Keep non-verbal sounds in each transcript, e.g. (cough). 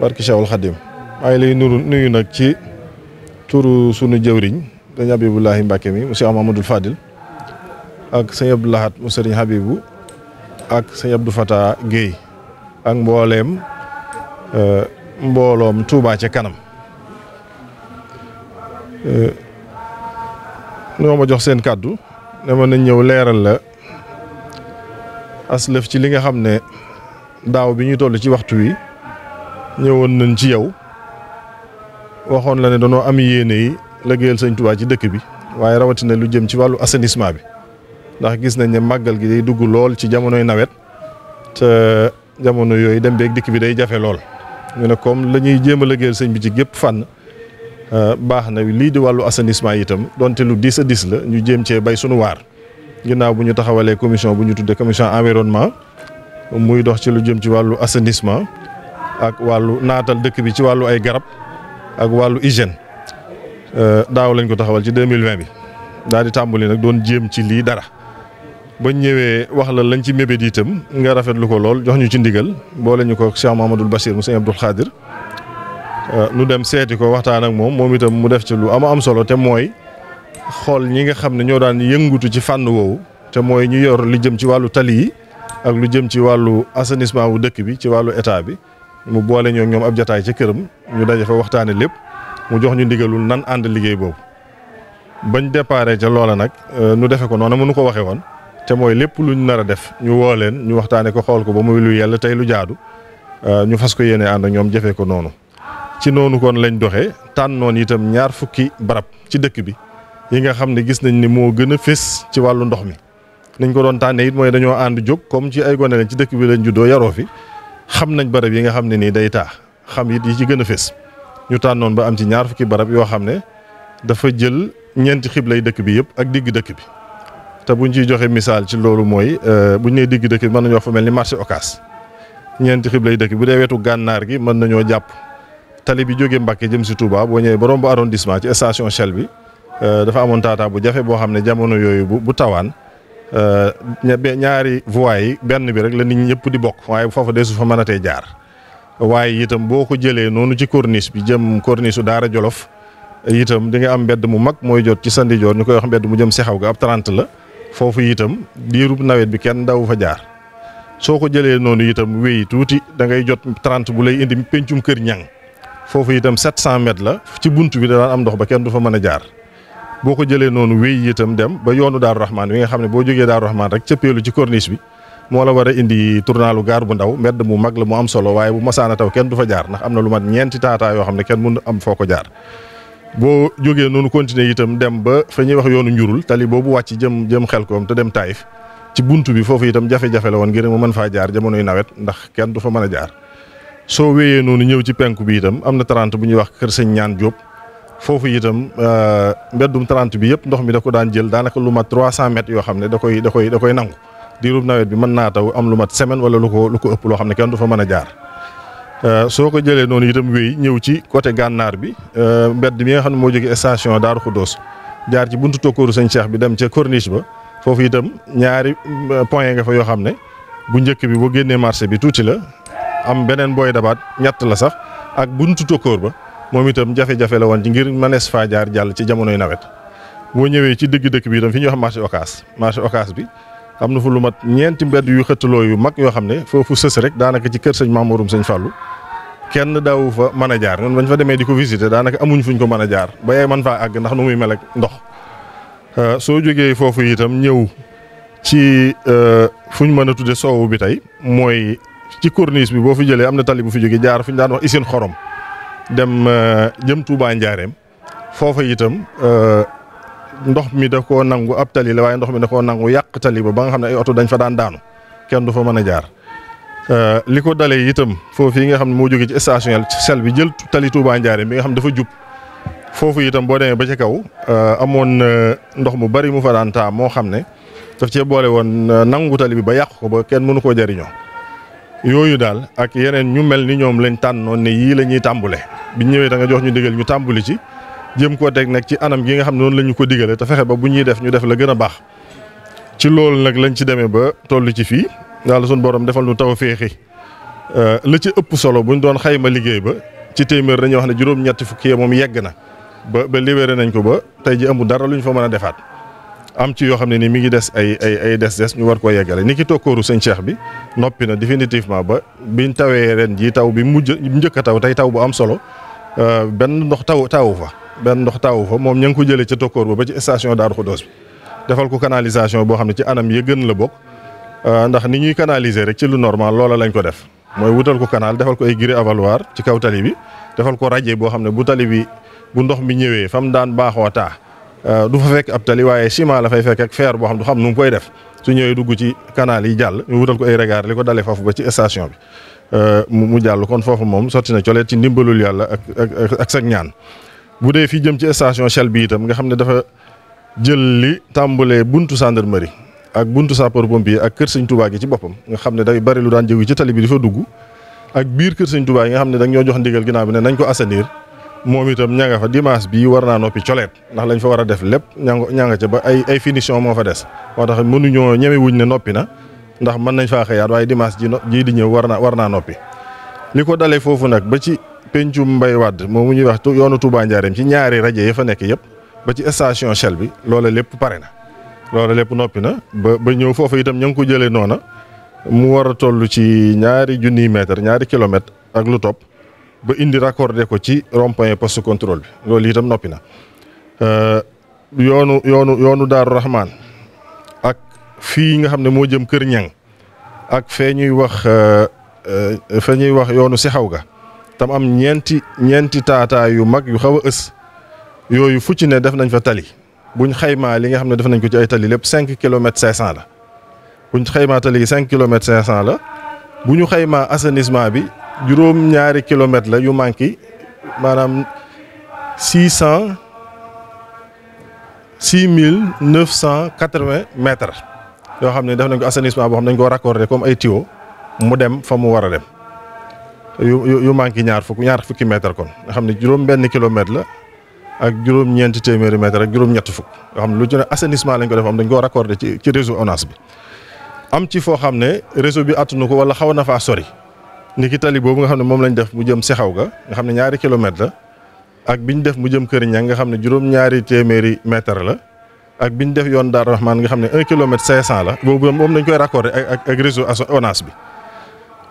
barki Cheikhul Khadim maa lay lay nuyu nag ci turu sunu jëwriñ dañ Habibulahi Mbacke mi monsieur Mamadou Fadil ak sëñ Abdou Lahat mu sëriñ Habibu ak sëñ Abdou Fata Guèye ak mbooleem euh, mbooloom Touba ca kanam ñoo euh, ma jox seen kàddu ne ma nañ ñëw leeral la aslëf ci li nga xam ne daaw bi ñuy toll ci waxtu wi ñëwoon nañ ci yow waxoon la ne danoo am yéene yi liggéeyal sëñ Tuubaa ci dëkk bi waaye rawatina lu jëm ci wàllu assainissement bi ndax gis nañ ne màggal gi day dugg lool ci jamonoy nawet te jamono yooyu dem beeg dikk bi day jafe lool ñu ne comme la ñuy jéem a liggéeyal sëñ bi ci gépp fànn euh, baax na lii di wàllu assainissement itam donte lu diis a diis la ñu jéem cee bay sunu waar ginnaaw bu ñu taxawalee commission bu ñu tuddee commission environnement muy dox ci lu jëm ci wàllu assainissement ak wàllu naatal dëkk bi ci wàllu ay garab ak wàllu hygiène euh, daaw lañ ko taxawal ci 2020 bi daal di tàmbali nag doon jéem ci lii dara bañ ñëwee wax la lañ ci mébét yitam nga rafetlu ko lool jox ñu ci ndigal boo lañu ko Cheikh amadul Bachir mu sëñ Abdul Xaadir euh, nu dem seeti ko waxtaan ak moom moom itam mu def ci lu am am solo te mooy xool ñi nga xam ne ñoo daan yëngutu ci fànn woowu te mooy ñu yor lu jëm ci wàllu tali yi ak lu jëm ci wàllu assainissement wu dëkk bi ci wàllu état bi mu boole ñoo ñoom ab jataay ci këram ñu daje fa waxtaane lépp mu jox ñu ndigalul nan ànd liggéey boobu bañ déparé ca loola nag euh, nu defe ko noonu mënu ko waxee woon te mooy lépp luñ nar a def ñu woo leen ñu waxtaane ko xawal ko ba muy lu yell tey lu jaadu euh, ñu fas ko yéene ànd ak ñoom jëfee ko noonu ci noonu kon lañ doxee tànnoon itam ñaar fukki barab ci dëkk bi yi nga xam ne gis nañ ni moo gën a fés ci wàllu ndox mi niñ ko doon tànnee it mooy dañoo ànd jóg comme ci ay gone ci dëkk bi lañ juddoo yaroo fi xam nañ barab yi nga xam ne nii day taa xam it yi ci gën a fés ñu tànnoon ba am ci ñaar fukki barab yoo xam ne dafa jël ñeenti xiblay dëkk bi yëpp ak digg dëkk bi te buñ ciy joxe misaal ci loolu mooy euh, bu nee digg dëkk bi mën nañu wax fa mel ni marché ocas ñeenti xiblay dëkk bu dee wetu gànnaar gi mën nañoo jàpp tali bi jógee Mbàkke jëm si Touba boo ñëwee borom bu arrondissement ci station Shell bi euh, dafa amoon taataa bu jafe boo xam ne jamono yooyu bu bu tawaan Euh, ñaari voies yi benn bi rek la nit ñëpp di bokk waaye foofa deesu fa mën a tee jaar waaye itam boo ko jëlee noonu ci corniche bi jëm corniche su Daara Jolof itam di nga am mbedd mu mag mooy jot ci sandi joor ñu koy wax mbedd mu jëm si xaw ga ab 30 la foofu itam diirub nawet bi kenn daw fa jaar soo ko jëlee noonu itam wéy tuuti da ngay jot trente bu lay indi pencum kër ñang foofu itam 700 mètres la ci bunt bi da daan am ndox ba kenn du fa mën a jaar boo ko jëlee noonu wéy itam dem ba yoonu Daaru Rahman wi nga xam ne boo jógee Daaru Rahman rek cëppeelu ci corniche bi moo la war a indi tournalu gaar bu ndaw mbedd mu mag la mu am solo waaye bu masaana taw kenn du fa jaar ndax na lu mat ñeenti taataa yoo xam kenn mënu am foo ko jaar boo jógee noonu continuer itam dem ba fa ñuy wax yoonu njurul tali boobu wàcc jëm jëm Xelkom te dem Taïf ci buntu bi foofu itam jafe-jafe la woon mën faa jaar jamonoy nawet ndax kenn du fa mën a jaar soo wéyee noonu ñëw ci penk bi itam am na 30 bu ñuy wax kër sëñ ñaan Diop foofu itam euh, mbeddum 30 bi yëpp ndox mi da ko daan jël daanaka lu mat 300 mètres yoo xam ne da koy da koy da koy nangu diirub nawet bi mën naa taw am lumat mat semaine wala lu ko lu ko ëpp loo xam ne kenn du fa mën a jaar. Euh, soo ko jëlee noonu itam wéy ñëw ci côté gànnaar bi euh, mbedd mi nga xam ne moo jógee station Darou Khoudoss jaar ci buntu tokkooru sëñ Cheikh bi dem ca corniche ba foofu itam ñaari point nga fa yoo xam ne bu njëkk bi boo génnee marché bi tuuti la am beneen booy dabaat ñett la sax ak buntu tokkoor ba. moom itam jafe-jafe la woon ci ngir mënees faa jaar jàll ci jamonoy nawet boo ñëwee ci digg dëkk bi itam fi ñuy wax marché Ocass marché ocas bi am na fu lu mat ñeenti mbedd yu xëttaloo yu mag yoo xam ne foofu sës rek daanaka ci kër sëñ Mamorum sëñ Fallou kenn daawu fa mën a jaar ñun bañ fa demee di ko visiter daanaka amuñ fuñ ko mën a jaar ba yaay mën faa àgg ndax nu muy mel ndox euh, soo jógee foofu itam ñëw ci euh, fuñ mën a tudde soowu bi tey mooy ci corniche bi boo fi jëlee am na bu fi jógee jaar fuñ daan wax usine xorom dem euh, jëm Touba Njaareem foofa itam euh, ndox mi da koo nangu ab tali la waaye ndox mi da koo nangu yàq tali ba ba nga xam ne ay oto dañ fa daan daanu kenn du fa mën a jaar. Euh, li ko dalee itam foofu yi nga xam ne moo jógee ci station sel bi jël tali Touba Njaareem bi nga xam ne foofu itam boo demee ba ca kaw amoon ndox mu bari mu fa daan taa moo xam ne daf cee boole woon nangu tali bi ba yàq ko ba kenn mënu koo jariñoo yooyu daal ak yeneen ñu mel ni ñoom lañ tànnoon ne yii la ñuy tàmbule biñ ñëwee da nga jox ñu digal ñu tàmbuli ci jëm koo teg nag ci anam gi nga xam ne noonu lañu ko digale te fexe ba bu ñuy def ñu def la gën a baax ci loolu nag lañ ci demee ba toll ci fii daal suñu borom defal nu taw féexi euh, la ci ëpp solo bu ñu doon xayma liggéey ba ci téeméer dañuy wax ne juróom-ñetti fukki moom yegg na ba ba libéré nañ ko ba tey ji amul dara luñ fa mën a defaat am ci yoo xam ne ni mi ngi des ay ay ay des-des ñu war koo yeggale ni ki tokkooru sëñ Cheikh bi noppi na définitivement ba biñ tawee ren jii taw bi mujj njëkk a taw tey taw bu am solo euh, benn ndox taw tawu fa benn ndox tawu fa moom ña ngi ko jëlee ca tokkoor ba ba ci station Daaru Xudoos bi defal ko canalisation boo xam ne ci anam yi gën la bokk euh, ndax ni ñuy canaliser rek ci lu normal loola lañ ko def mooy wutal ko kanaal defal ko ay grille ci kaw tali bi defal ko rajo boo xam ne bu tali bi bu ndox mi ñëwee fam daan baaxoo taa Euh, du fa fekk ab tali waaye ciment fay fekk ak fer boo xam du xam nu mu koy def su ñëwee dugg ci canal yi jàll ñu wutal ko ay regard li ko dalee foofu ba ci station bi euh, mu jàll kon foofu moom sotti na coleet ci ndimbalul yàlla ak ak ak sag ñaan. bu dee fii jëm ci station Shell bi itam nga xam ne dafa jël li tàmbalee buntu gendarmerie ak buntu sapeur pompier ak kër sëñ Touba gi ci boppam nga xam ne day bari lu daan jóge ci tali bi di fa dugg ak biir kër sëñ Touba yi nga ne dañ ñoo jox ndigal ginnaaw bi ne nañ ko assainir moom itam ña fa dimanche bii war naa noppi coleet ndax lañ fa war a def lépp ña nga ca ba ay ay finition moo fa des moo tax mënuñoo ñeme wuñ ne noppi na ndax mën nañ faa xëyaat waaye dimanche ji jii di ñëw war naa war naa noppi li ko dalee foofu nag ba ci pencum mbay moom moomu ñuy wax yoonu Touba Njaareem ci ñaari rajo yi fa nekk yëpp ba ci station Shell bi loola lépp pare na loola lépp noppi na ba ba ñëw foofu itam ña ngi ko jëlee noona mu war a toll ci ñaari junniy ñaari kilomètre ak lu topp ba indi raccordé ko ci rond point poste bi loolu itam noppi na euh, yoonu yoonu yoonu daaru rahman ak fii nga xam ne moo jëm kër ñang ak fee ñuy wax euh, euh, fee ñuy wax yoonu si xaw ga tam am ñeenti ñeenti taataa yu mag yu xaw a ës yooyu fu ci ne def nañ fa tali buñ xaymaa li nga xam ne def nañ ko ci ay tali lépp cinq kilomètres cinq cent la buñ xaymaa tali cinq kilomètres cinq cent la buñu xaymaa assainissement bi juróom ñaari kilomètres la yu manqué maanaam six cent six mille neuf cent quatre-vingts mètres yoo xam ne def nañ ko assainissement boo xam ne dañ ko raccordé comme ay tuyaux mu dem fa mu war a dem yu yu manqué ñaar fukk ñaar fukki mètres kon nga xam ne juróom benn kilomètre la ak juróom ñeenti téeméeri mètres ak juróom ñetti fukk yoo xam ne lu ci ne assainissement lañ ko def am dañ koo raccordé ci ci réseau ONAS bi am ci foo xam ne réseau bi nu ko wala xaw na sor sori niki tali boobu nga xam ne moom lañ def mu jëm sexaw ga nga xam ne ñaari kilomètre la ak ñu def mu jëm Kër Ñang nga xam ne juróom-ñaari téeméeri mètre la ak bi ñu def yoon Daaru Rahmaan nga xam ne un kilomètre cinq cent la boobu moom dañ koy raccordé ak ak réseau ONAS bi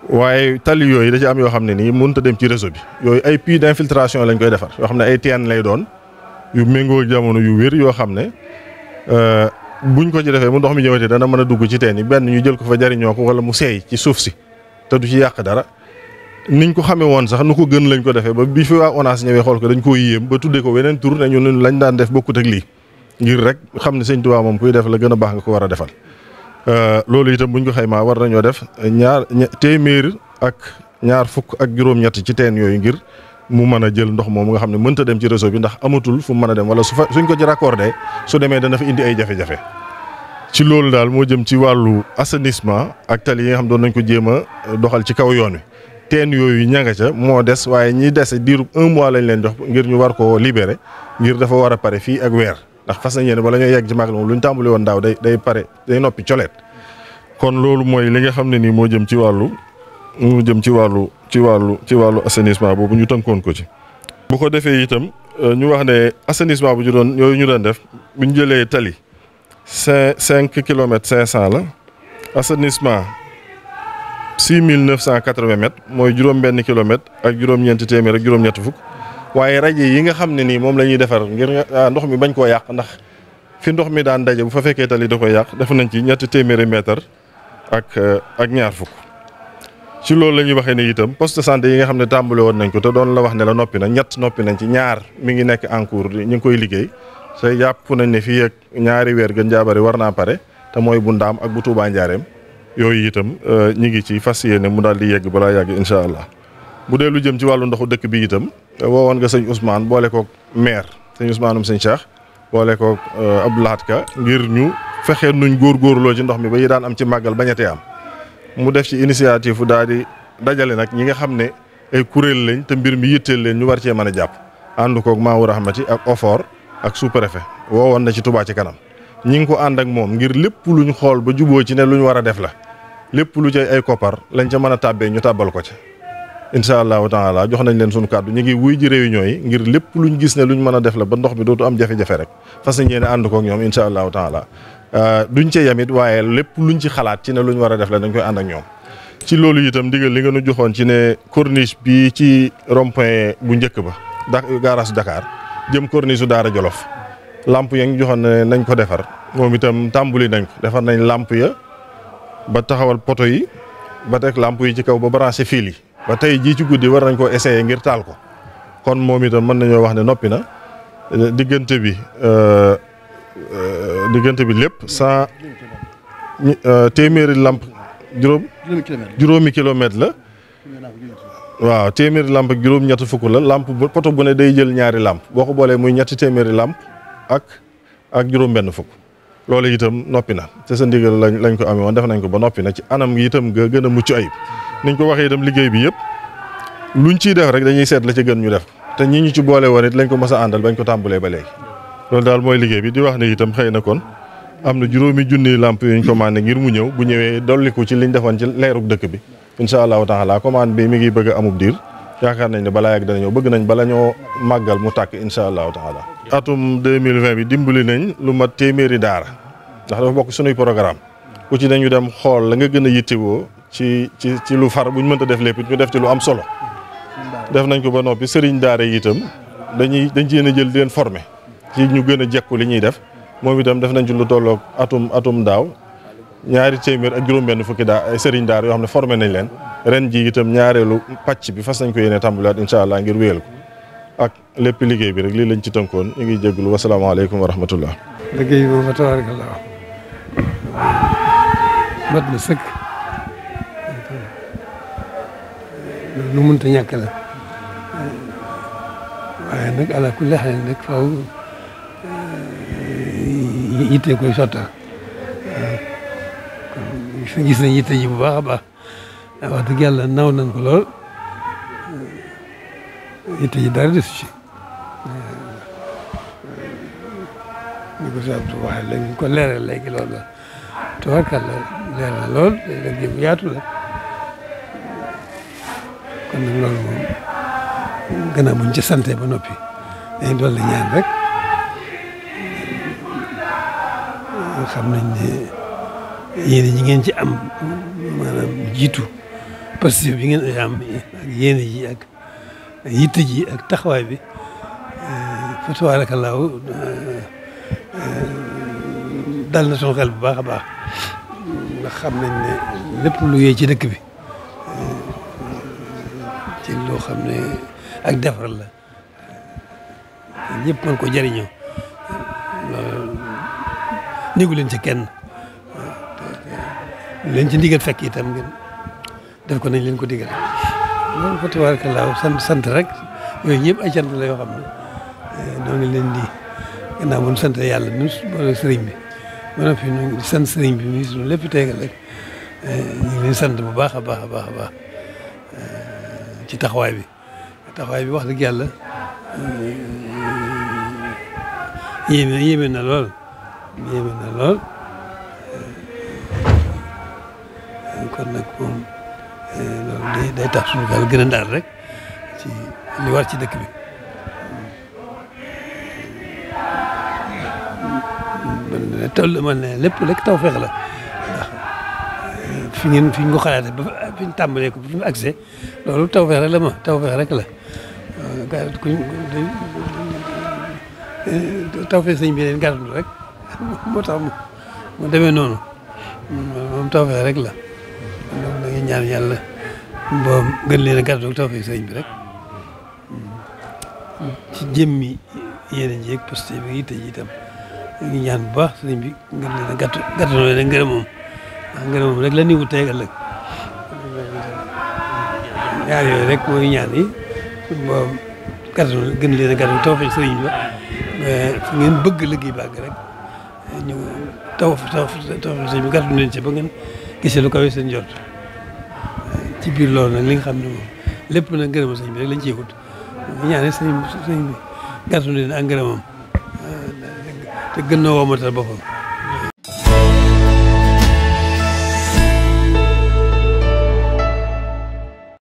waaye tali yooyu da ci am yoo xam ne nii mënut a dem ci réseau bi yooyu ay puits d'infiltration lañ koy defar yoo xam ne ay teen lay doon yu méngoo jamono yu wér yoo xam ne euh, buñ ko ci defee mu ndox mi ñëwatee dana mën a dugg ci teen yi benn ñu jël ko fa jariñoo ko wala mu seey ci suuf si te du ci yàq dara niñ ko xamee woon sax nu ko gën lañ ko defee ba bi fi waa ONAS ñëwee xool ko dañ koo yéem ba tuddee ko weneen tur ne ñun lañ daan def bokkut ak lii ngir rek xam ne sëñ Tuubaa moom kuy def la gën a baax nga ko war a defal. Euh, loolu itam buñ ko xaymaa war dañoo def ñaar téeméer ak ñaar fukk ak juróom-ñett ci teen yooyu ngir mu mën a jël ndox moom nga xam ne mënta dem ci réseau bi ndax amatul fu mu mën a dem wala su fa suñ ko ci raccordé su demee dana fi indi ay jafe ci loolu daal moo jëm ci wàllu assainissement ak tali yi nga xam doon nañ ko jéem a euh, doxal ci kaw yoon wi teen yooyu ña nga ca moo des waaye ñi dese diirub un mois lañ leen jox ngir ñu war koo libéré ngir dafa war a pare fii ak weer ndax fas nañ yéene bala ñoo yegg ci màggal moom lu ñu tàmbali woon daaw day day pare day noppi coleet kon loolu mooy li nga xam ne nii moo jëm ci wàllu moo jëm ci wàllu ci wàllu ci wàllu assainissement boobu ñu tënkoon ko ci. bu ko defee itam euh, ñu wax ne assainissement bu ñu doon yooyu ñu doon def bu ñu jëlee tali. cinq cinq kilomètres cinq cent la assainissement six mille neuf cent quatre-vingts mooy juróom-benn kilomètre ak juróom-ñeenti téeméer ak juróom-ñetti fukk waaye rajo yi nga xam ne nii moom la ñuy defar ngir ah, ndox mi bañ koo yàq ndax fi ndox mi daan daje bu fa fekkee tali da koy yàq def nañ ci ñetti téeméeri mètre ak euh, ak ñaar fukk. ci loolu la ñuy waxee ni itam poste de santé yi nga xam ne tàmbale woon nañ ko te doon la wax ne la noppi na ñett noppi nañ ci ñaar mi ngi nekk en cours ñu ngi koy liggéey. te jàpp nañ ne fii ak ñaari weer gën jaabari war naa pare te mooy bu ndaam ak bu Touba Njaareem yooyu itam euh, ñu ngi ci fas yéene mu daal di yegg balaa yàgg incha allah bu dee lu jëm ci wàllu ndoxu dëkk bi itam euh, woowoon nga sëñ Ousmane boole koog maire sëñ Ousmaanum sëñ Cheikh boole koog euh, ab laat Ka ngir ñu fexe nuñ góorgóorloo ci ndox mi ba yi daan am ci màggal bañatee am mu def ci initiative bu daal di dajale nag ñi nga xam ne ay kuréel lañ te mbir mi yitteel leen ñu war cee mën a jàpp ànd koog Maawu Rahmati ak OFOR ak sous-préfet woowoon na ci Touba ci kanam ñi ngi ko ànd ak moom ngir lépp luñ xool ba juboo ci ne luñ war a def la lépp lu ci ay koppar lañ ca mën a tàbbee ñu taabal ko ci. incha allahu taala jox nañ leen sunu kàddu ñu ngi wuy ji réunion yi ngir lépp luñ gis ne luñ mën a def la ba ndox mi dootu am jafe-jafe rek fas yéene ànd koog ñoom incha allahu taala euh, duñ ci yamit waaye lépp luñ ci xalaat ci ne luñ war a def la dañ koy ànd ñoom. ci loolu itam digal li nga nu joxoon ci ne corniche bi ci rond-point bu njëkk ba da garage Dakar jëm corniche su Daara Jolof lamp ya ñu joxoon nañ ko defar moom itam tàmbali nañ ko defar nañ làmp ya ba taxawal poto yi ba teg làmp yi ci kaw ba branché fil yi ba tey jii ci guddi war nañ ko essayer ngir taal ko kon moom itam mën nañoo wax ne noppi na diggante bi euh, euh, diggante bi lépp cent euh, téeméeri lamp juróom juróomi kilomètre la waaw téeméeri làmp ak juróom ñetti fukk la làmp bu poto bu ne day jël ñaari làmp boo ko boolee muy ñetti téeméeri làmp ak ak juróom benn fukk loolu itam noppi na te sa ndigal lañ lañ ko amee woon def nañ ko ba noppi na ci anam gi itam nga gën a mucc ayib niñ ko waxee itam liggéey bi yëpp luñ ciy def rek dañuy seet la ci gën ñu def te ñi ñu ci boole woon it lañ ko mës a àndal bañ ko tàmbalee ba léegi loolu daal mooy liggéey bi di wax ne itam xëy na kon am na juróomi junni làmp yuñ commandé ngir mu ñëw bu ñëwee dolliku ci liñ defoon ci leerub dëkk bi incha allahu taala commande bi mi ngi bëgg amub diir yaakaar nañ ne balaa yàgg dana ñëw bëgg nañ bala ñoo màggal mu tàkk incha allahu taala. atum 2020 bi dimbali nañ lu mat téeméeri daara ndax dafa bokk sunuy programme ku ci nañu dem xool la nga gën a yittewoo ci ci ci lu far bu ñu mënta def lépp ñu def ci lu am solo. def nañ ko ba noppi sëriñ daara yi itam dañuy dañ ci yéen a jël di leen ci ñu gën a jekku li ñuy def moom itam def nañ ci lu tolloog atum atum daaw. ñaari téeméer ak juróom-benn fukki daa sëriñ daar yoo xam ne formé nañ leen ren ji itam ñaareelu pàcc bi fas nañ ko yéene tàmbaliwaat incha allah ngir wéyal ko ak lépp liggéey bi rek lii lañ ci tënkoon ñu ngi jégalu wasalaamaaleykum wa rahmatullah. liggéey boobu ba tabaarakallah mat na sëkk gis nañ yitte ji bu baax a baax wax dëgg yàlla naw nañ ko lool yitte ji dara desu ci ñu ko si Abdou waxee léegi ñu ko leeral léegi loolu la tubarkal la leer na lool léegi bu yaatu la kon nag loolu moom gannaaw buñ ca sante ba noppi dañ doon la ñaan rek xam nañ ne yéene ji ngeen ci am maanaam jiitu positif bi ngeen am ak yéene ji ak yitte ji ak taxawaay bi eh, fa tabaarakallaahu eh, dal na sunu xel bu baax a baax xam nañ ne lépp lu yee ci dëkk bi eh, ci loo xam ne ak defar la ñëpp mën ko jëriñoo néegu leen ci kenn. leen ci ndigal fekk itam ngeen def ko nañ leen ko digal loolu fa tabaarakallaa sant sant rek yooyu yëpp ay sant la yoo xam ne ñoo eh, ngi leen di gannaaw bu sant yàlla nu boole sëriñ bi ma ne fi ñu sant sëriñ bi mi suñu lépp teegal rek eh, ñu ngi sant bu baax a baax a baax a baax eh, ci taxawaay bi taxawaay bi wax dëgg yàlla yéeme na lool yéeme na lool. kon eh, loolu day day tax suñu daal gën a daal rek ci li war ci dëkk bi. man de man ne lépp rek taw feex la eh, fi ngeen fi ñu ko xalaatee fi ñu tàmbalee ko ba fi mu accès loolu taw feex rek la ma taw feex rek la eh, kuñ taw feex sëñ bi leen gàttandu rek (laughs) moo tax mu demee noonu moom taw feex rek la. ñaan yàlla mboom gën leen a gàddu tawfeex sëriñ bi rek ci jëmmi yéen a jéeg posté ñaan bu baax sëriñ bi gën leen a gàttu ngërëm moom ndax yooyu rek mooy ñaan yi gën leen a gàddu tawfeex bi fu ngeen bëgg liggéey bàgg rek ñu taw taw taw sëriñ bi gàttu leen ci ba ngeen gisee lu jot ci biir loolu nag li nga xam ne moom lépp nag ngërëma sëñ bi rek lañ ciy wut ñaane sëñ sëñ bi gàttu leen ak ngërëmam te gën noo woomatal boppam